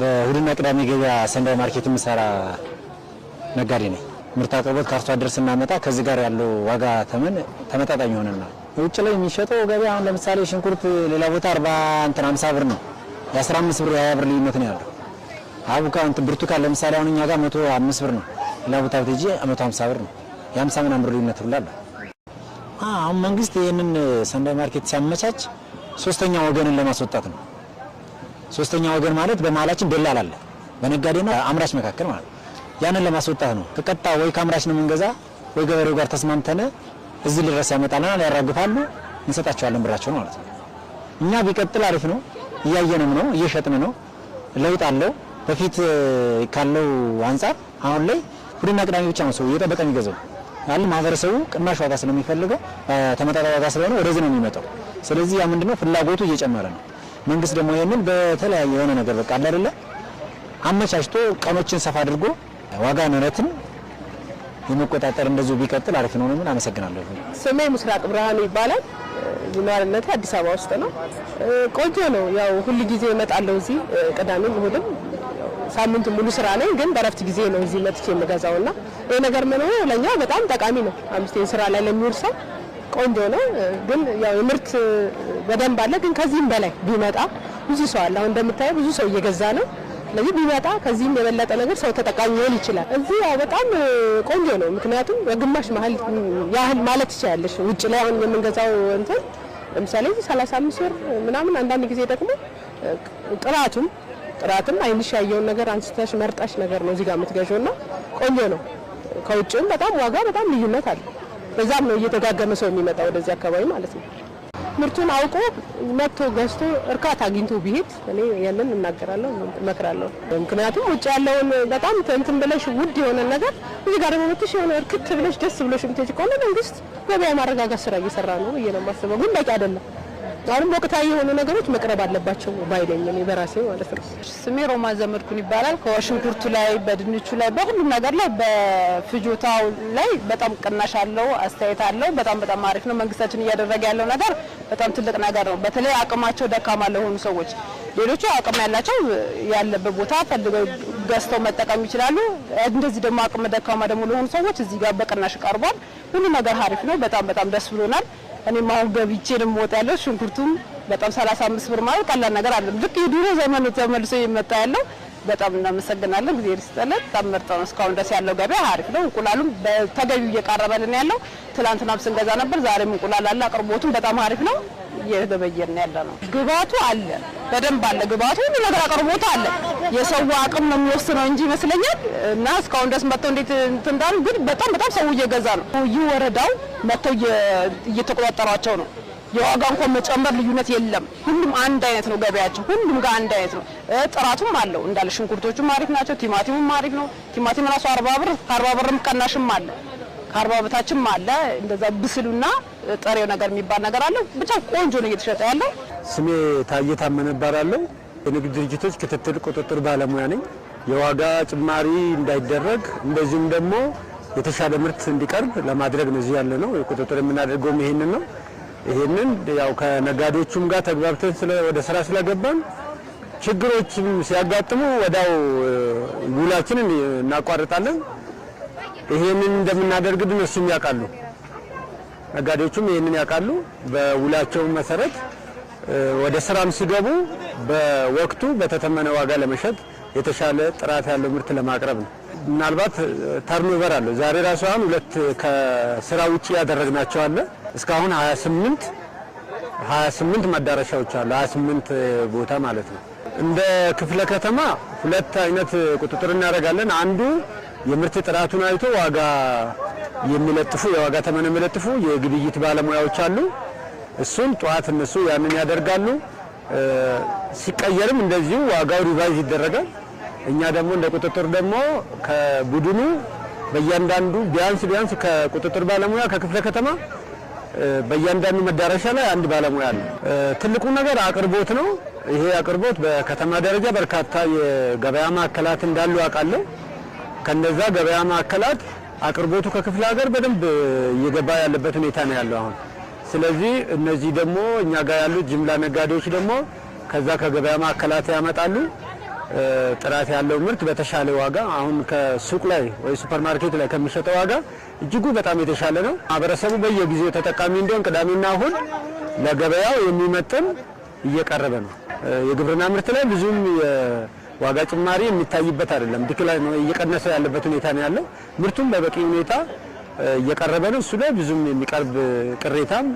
በእሁድና ቅዳሜ ገበያ ሰንዳይ ማርኬት የምሰራ ነጋዴ ነኝ። ምርት አቅርቦት ከአርሶ አደር ስናመጣ ከዚህ ጋር ያለው ዋጋ ተመን ተመጣጣኝ ይሆንናል። ውጭ ላይ የሚሸጠው ገበያ አሁን ለምሳሌ ሽንኩርት ሌላ ቦታ አርባ እንትን አምሳ ብር ነው። የአስራ አምስት ብር የሀያ ብር ልዩነት ነው ያለው። አቡካ እንትን ብርቱካን ለምሳሌ አሁን እኛ ጋር መቶ አምስት ብር ነው፣ ሌላ ቦታ ብትሄጂ መቶ ሀምሳ ብር ነው። የሀምሳ ምናምን ብር ልዩነት ብላለ። አሁን መንግስት ይህንን ሰንዳይ ማርኬት ሲያመቻች ሶስተኛ ወገንን ለማስወጣት ነው። ሶስተኛ ወገን ማለት በመሀላችን ደላላ አለ፣ በነጋዴና አምራች መካከል ማለት ነው። ያንን ለማስወጣት ነው። ከቀጣ ወይ ከአምራች ነው የምንገዛ ወይ ገበሬው ጋር ተስማምተን እዚህ ልድረስ ያመጣልናል፣ ያራግፋሉ፣ እንሰጣቸዋለን ብራቸውን ማለት ነው። እኛ ቢቀጥል አሪፍ ነው። እያየንም ነው፣ እየሸጥን ነው። ለውጥ አለው። በፊት ካለው አንጻር አሁን ላይ እሁድና ቅዳሜ ብቻ ነው ሰው እየጠበቀ የሚገዛው ያለ ማህበረሰቡ ቅናሽ ዋጋ ስለሚፈልገው ተመጣጣኝ ዋጋ ስለሆነ ወደዚህ ነው የሚመጣው። ስለዚህ ያ ምንድነው ፍላጎቱ እየጨመረ ነው። መንግስት ደግሞ ይህንን በተለያየ የሆነ ነገር በቃ አይደለ አመቻችቶ ቀኖችን ሰፋ አድርጎ ዋጋ ንረትን የመቆጣጠር እንደዚሁ ቢቀጥል አሪፍ ነው። ምን አመሰግናለሁ። ስሜ ምስራቅ ብርሃኑ ይባላል። ነዋሪነቴ አዲስ አበባ ውስጥ ነው። ቆንጆ ነው። ያው ሁል ጊዜ እመጣለሁ እዚህ ቅዳሜም እሁድም ሳምንቱ ሙሉ ስራ ነኝ፣ ግን በረፍት ጊዜ ነው እዚህ መጥቼ የምገዛውና ይህ ነገር መኖሩ ለእኛ በጣም ጠቃሚ ነው። አምስቴ ስራ ላይ ለሚውል ሰው ቆንጆ ነው። ግን ያው የምርት በደንብ አለ። ግን ከዚህም በላይ ቢመጣ ብዙ ሰው አለ። አሁን እንደምታየው ብዙ ሰው እየገዛ ነው። ስለዚህ ቢመጣ ከዚህም የበለጠ ነገር ሰው ተጠቃሚ ሊሆን ይችላል። እዚህ ያው በጣም ቆንጆ ነው። ምክንያቱም በግማሽ መሀል ያህል ማለት ትችያለሽ። ውጭ ላይ አሁን የምንገዛው እንትን ለምሳሌ እዚህ 35 ብር ምናምን፣ አንዳንድ ጊዜ ደግሞ ጥራቱም ጥራትም አይንሽ ያየውን ነገር አንስተሽ መርጠሽ ነገር ነው እዚህ ጋር የምትገዥውና ቆንጆ ነው። ከውጭም በጣም ዋጋ በጣም ልዩነት አለ። በዛም ነው እየተጋገመ ሰው የሚመጣ ወደዚህ አካባቢ ማለት ነው። ምርቱን አውቆ መጥቶ ገዝቶ እርካታ አግኝቶ ቢሄድ እኔ ያንን እናገራለሁ፣ እመክራለሁ። ምክንያቱም ውጭ ያለውን በጣም እንትን ብለሽ ውድ የሆነ ነገር እዚህ ጋር ደግሞ መጥተሽ የሆነ እርክት ብለሽ ደስ ብሎሽ የምትሄጂ ከሆነ መንግስት ገበያ ማረጋጋት ስራ እየሰራ ነው ብዬ ነው የማስበው፣ ግን በቂ አይደለም። አሁንም ወቅታዊ የሆኑ ነገሮች መቅረብ አለባቸው ባይለኝ እኔ በራሴ ማለት ነው። ስሜ ሮማ ዘመድኩን ይባላል። ከሽንኩርቱ ላይ፣ በድንቹ ላይ፣ በሁሉም ነገር ላይ በፍጆታው ላይ በጣም ቅናሽ አለው፣ አስተያየት አለው። በጣም በጣም አሪፍ ነው። መንግስታችን እያደረገ ያለው ነገር በጣም ትልቅ ነገር ነው። በተለይ አቅማቸው ደካማ ለሆኑ ሰዎች፣ ሌሎቹ አቅም ያላቸው ያለበት ቦታ ፈልገው ገዝተው መጠቀም ይችላሉ። እንደዚህ ደግሞ አቅም ደካማ ደግሞ ለሆኑ ሰዎች እዚህ ጋር በቅናሽ ቀርቧል። ሁሉ ነገር አሪፍ ነው። በጣም በጣም ደስ ብሎናል። እኔም አሁን ገብቼ ደግሞ ወጥ ያለው ሽንኩርቱም በጣም 35 ብር ማለት ቀላል ነገር አይደለም። ልክ የድሮ ዘመኑ ተመልሶ እየመጣ ያለው በጣም እናመሰግናለን። ጊዜ ርስጠለት በጣም ምርጥ ነው። እስካሁን ድረስ ያለው ገበያ አሪፍ ነው። እንቁላሉም በተገቢው እየቀረበልን ያለው ትላንትናም ስንገዛ ነበር። ዛሬም እንቁላል አለ። አቅርቦቱም በጣም አሪፍ ነው። እየገበየን ያለ ነው። ግባቱ አለ፣ በደንብ አለ ግባቱ ሁሉ ነገር አቅርቦቱ አለ። የሰው አቅም ነው የሚወስነው እንጂ ይመስለኛል። እና እስካሁን ድረስ መጥተው እንዴት እንትን እንዳሉ ግን በጣም በጣም ሰው እየገዛ ነው። ይህ ወረዳው መጥተው እየተቆጣጠሯቸው ነው የዋጋ እንኳን መጨመር ልዩነት የለም። ሁሉም አንድ አይነት ነው ገበያቸው፣ ሁሉም ጋር አንድ አይነት ነው። ጥራቱም አለው እንዳለ ሽንኩርቶቹም አሪፍ ናቸው፣ ቲማቲሙም አሪፍ ነው። ቲማቲም ራሱ አርባ ብር ከአርባ ብርም ቀናሽም አለ ከአርባ በታችም አለ። እንደዛ ብስሉና ጥሬው ነገር የሚባል ነገር አለ። ብቻ ቆንጆ ነው እየተሸጠ ያለው። ስሜ ታዬ ታመነ እባላለሁ። የንግድ ድርጅቶች ክትትል ቁጥጥር ባለሙያ ነኝ። የዋጋ ጭማሪ እንዳይደረግ እንደዚሁም ደግሞ የተሻለ ምርት እንዲቀርብ ለማድረግ ነው እዚህ ያለ ነው። ቁጥጥር የምናደርገውም ይሄንን ነው። ይህንን ያው ከነጋዴዎቹም ጋር ተግባብተን ወደ ስራ ስለገባን ችግሮች ሲያጋጥሙ ወዳው ውላችንን እናቋርጣለን። ይሄንን እንደምናደርግ ግን እሱም ያውቃሉ፣ ነጋዴዎቹም ይሄንን ያውቃሉ። በውላቸው መሰረት ወደ ስራም ሲገቡ በወቅቱ በተተመነ ዋጋ ለመሸጥ የተሻለ ጥራት ያለው ምርት ለማቅረብ ነው። ምናልባት ተርኖቨር አለው ዛሬ ራሱ አሁን ሁለት ከስራ ውጭ ያደረግናቸው አለ እስካሁን 28 28 መዳረሻዎች አሉ። 28 ቦታ ማለት ነው። እንደ ክፍለ ከተማ ሁለት አይነት ቁጥጥር እናደርጋለን። አንዱ የምርት ጥራቱን አይቶ ዋጋ የሚለጥፉ የዋጋ ተመን የሚለጥፉ የግብይት ባለሙያዎች አሉ። እሱን ጠዋት እነሱ ያንን ያደርጋሉ። ሲቀየርም እንደዚሁ ዋጋው ሪቫይዝ ይደረጋል። እኛ ደግሞ እንደ ቁጥጥር ደግሞ ከቡድኑ በእያንዳንዱ ቢያንስ ቢያንስ ከቁጥጥር ባለሙያ ከክፍለ ከተማ በእያንዳንዱ መዳረሻ ላይ አንድ ባለሙያ አለ። ትልቁ ነገር አቅርቦት ነው። ይሄ አቅርቦት በከተማ ደረጃ በርካታ የገበያ ማዕከላት እንዳሉ አውቃለሁ። ከነዛ ገበያ ማዕከላት አቅርቦቱ ከክፍለ ሀገር በደንብ እየገባ ያለበት ሁኔታ ነው ያለው አሁን። ስለዚህ እነዚህ ደግሞ እኛ ጋር ያሉት ጅምላ ነጋዴዎች ደግሞ ከዛ ከገበያ ማዕከላት ያመጣሉ። ጥራት ያለው ምርት በተሻለ ዋጋ አሁን ከሱቅ ላይ ወይ ማርኬት ላይ ከሚሸጠው ዋጋ እጅጉ በጣም የተሻለ ነው። ማህበረሰቡ በየጊዜው ተጠቃሚ እንዲሆን ቅዳሜና እሁድ ለገበያው የሚመጥን እየቀረበ ነው። የግብርና ምርት ላይ ብዙም ዋጋ ጭማሪ የሚታይበት አይደለም። ዲክላይ ነው እየቀነሰ ያለበት ሁኔታ ነው ያለው። ምርቱም በበቂ ሁኔታ እየቀረበ ነው። እሱ ላይ ብዙም የሚቀርብ ቅሬታም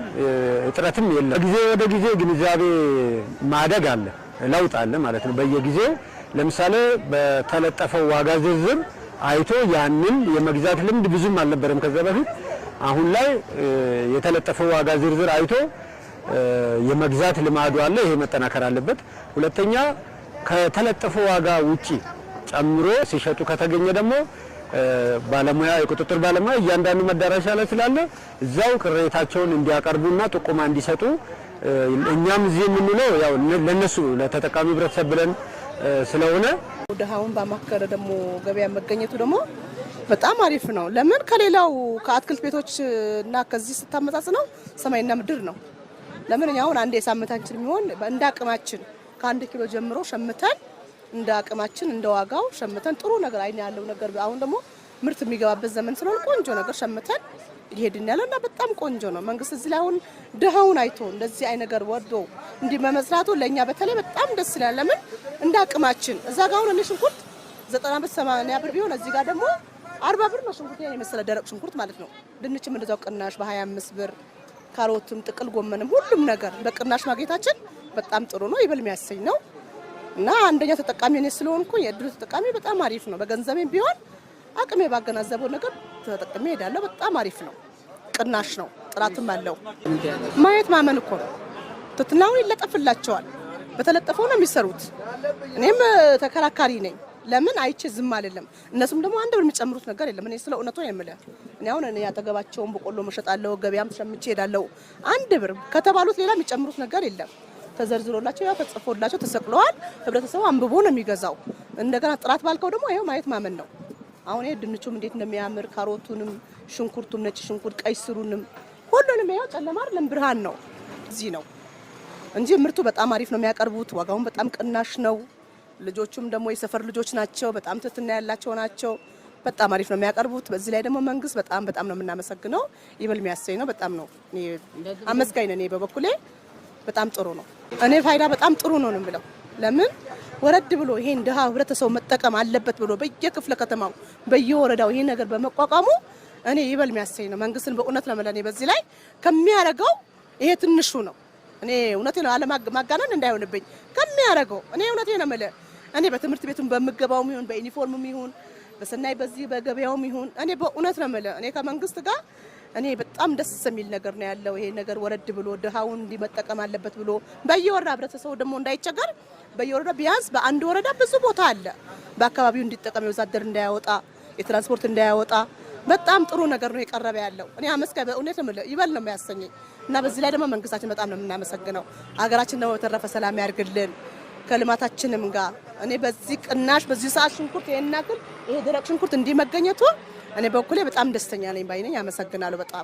እጥረትም የለም። ጊዜ ወደ ጊዜ ግንዛቤ ማደግ አለ፣ ለውጥ አለ ማለት ነው በየጊዜው ለምሳሌ በተለጠፈው ዋጋ ዝርዝር አይቶ ያንን የመግዛት ልምድ ብዙም አልነበረም ከዛ በፊት። አሁን ላይ የተለጠፈው ዋጋ ዝርዝር አይቶ የመግዛት ልማዱ አለ። ይሄ መጠናከር አለበት። ሁለተኛ ከተለጠፈው ዋጋ ውጪ ጨምሮ ሲሸጡ ከተገኘ ደግሞ ባለሙያ የቁጥጥር ባለሙያ እያንዳንዱ መዳረሻ ላይ ስላለ እዛው ቅሬታቸውን እንዲያቀርቡና ጥቁማ እንዲሰጡ እኛም እዚህ የምንለው ያው ለነሱ ለተጠቃሚ ህብረተሰብ ብለን ስለሆነ ድሃውን ባማከለ ደግሞ ገበያ መገኘቱ ደግሞ በጣም አሪፍ ነው። ለምን ከሌላው ከአትክልት ቤቶች እና ከዚህ ስታመጻጽ ነው ሰማይና ምድር ነው። ለምን እኛ አሁን አንድ የሳምንታችን የሚሆን እንደ አቅማችን ከአንድ ኪሎ ጀምሮ ሸምተን እንደ አቅማችን እንደ ዋጋው ሸምተን ጥሩ ነገር አይን ያለው ነገር አሁን ደግሞ ምርት የሚገባበት ዘመን ስለሆነ ቆንጆ ነገር ሸምተን ይሄድን ያለው እና በጣም ቆንጆ ነው። መንግስት እዚህ ላይ አሁን ድሃውን አይቶ እንደዚህ አይ ነገር ወዶ እንዲህ በመስራቱ ለእኛ በተለይ በጣም ደስ ይላል። ለምን እንደ አቅማችን እዛ ጋር አሁን እኔ ሽንኩርት 95 ብር ብር ቢሆን እዚህ ጋር ደግሞ 40 ብር ነው ሽንኩርት የመሰለ ደረቅ ሽንኩርት ማለት ነው። ድንችም እንደዛው ቅናሽ በ25 ብር ካሮትም፣ ጥቅል ጎመንም ሁሉም ነገር በቅናሽ ማግኘታችን በጣም ጥሩ ነው፣ ይበል የሚያሰኝ ነው እና አንደኛ ተጠቃሚ እኔ ስለሆንኩ የእድሉ ተጠቃሚ በጣም አሪፍ ነው። በገንዘቤም ቢሆን አቅሜ ባገናዘበው ነገር ተጠቅሜ ሄዳለሁ። በጣም አሪፍ ነው፣ ቅናሽ ነው፣ ጥራትም አለው። ማየት ማመን እኮ ነው። ትትናውን ይለጠፍላቸዋል በተለጠፈው ነው የሚሰሩት። እኔም ተከራካሪ ነኝ። ለምን አይቼ ዝም አልልም። እነሱም ደግሞ አንድ ብር የሚጨምሩት ነገር የለም። እኔ ስለ እውነቱ የምልህ እኔ አሁን እኔ ያጠገባቸውን በቆሎ መሸጣለሁ፣ ገበያም ተሸምቼ ሄዳለሁ። አንድ ብር ከተባሉት ሌላ የሚጨምሩት ነገር የለም። ተዘርዝሮላቸው ያው ተጽፎላቸው ተሰቅለዋል። ህብረተሰቡ አንብቦ ነው የሚገዛው። እንደገና ጥራት ባልከው ደግሞ ይሄው ማየት ማመን ነው። አሁን ይሄ ድንቹም እንዴት እንደሚያምር ካሮቱንም፣ ሽንኩርቱም፣ ነጭ ሽንኩርት፣ ቀይ ስሩንም ሁሉንም ያው ጨለማ አይደለም ብርሃን ነው። እዚህ ነው እንጂ ምርቱ በጣም አሪፍ ነው የሚያቀርቡት። ዋጋውም በጣም ቅናሽ ነው። ልጆቹም ደግሞ የሰፈር ልጆች ናቸው። በጣም ትህትና ያላቸው ናቸው። በጣም አሪፍ ነው የሚያቀርቡት። በዚህ ላይ ደግሞ መንግስት በጣም በጣም ነው የምናመሰግነው። ይበል የሚያሰኝ ነው። በጣም ነው አመስጋኝ እኔ በበኩሌ በጣም ጥሩ ነው። እኔ ፋይዳ በጣም ጥሩ ነው ነው ብለው ለምን ወረድ ብሎ ይሄን ድሃ ህብረተሰቡ መጠቀም አለበት ብሎ በየክፍለ ከተማው በየወረዳው ይሄን ነገር በመቋቋሙ እኔ ይበል የሚያሰኝ ነው። መንግስትን በእውነት ለመለኔ በዚህ ላይ ከሚያደርገው ይሄ ትንሹ ነው። እኔ እውነቴ ነው አለማጋነን እንዳይሆንብኝ ከሚያደርገው እኔ እውነቴ ነው የምልህ እኔ በትምህርት ቤቱም በምገባውም ይሁን በዩኒፎርምም ይሁን በሰናይ በዚህ በገበያውም ይሁን እኔ በእውነት ነው የምልህ እኔ ከመንግስት ጋር እኔ በጣም ደስ የሚል ነገር ነው ያለው። ይሄ ነገር ወረድ ብሎ ድሃውን እንዲመጠቀም አለበት ብሎ በየወረዳ ህብረተሰቡ ደግሞ እንዳይቸገር በየወረዳ ቢያንስ በአንድ ወረዳ ብዙ ቦታ አለ። በአካባቢው እንዲጠቀም የወዛደር እንዳያወጣ የትራንስፖርት እንዳያወጣ በጣም ጥሩ ነገር ነው የቀረበ ያለው። እኔ አመስጋኝ በእውነት ነው ይበል ነው የሚያሰኘኝ እና በዚህ ላይ ደግሞ መንግስታችን በጣም ነው የምናመሰግነው። ሀገራችን ደግሞ በተረፈ ሰላም ያርግልን ከልማታችንም ጋር እኔ በዚህ ቅናሽ በዚህ ሰዓት ሽንኩርት ይሄን ያክል ይሄ ደረቅ ሽንኩርት እንዲመገኘቱ እኔ በኩሌ በጣም ደስተኛ ነኝ ባይነኝ። ነኝ። አመሰግናለሁ በጣም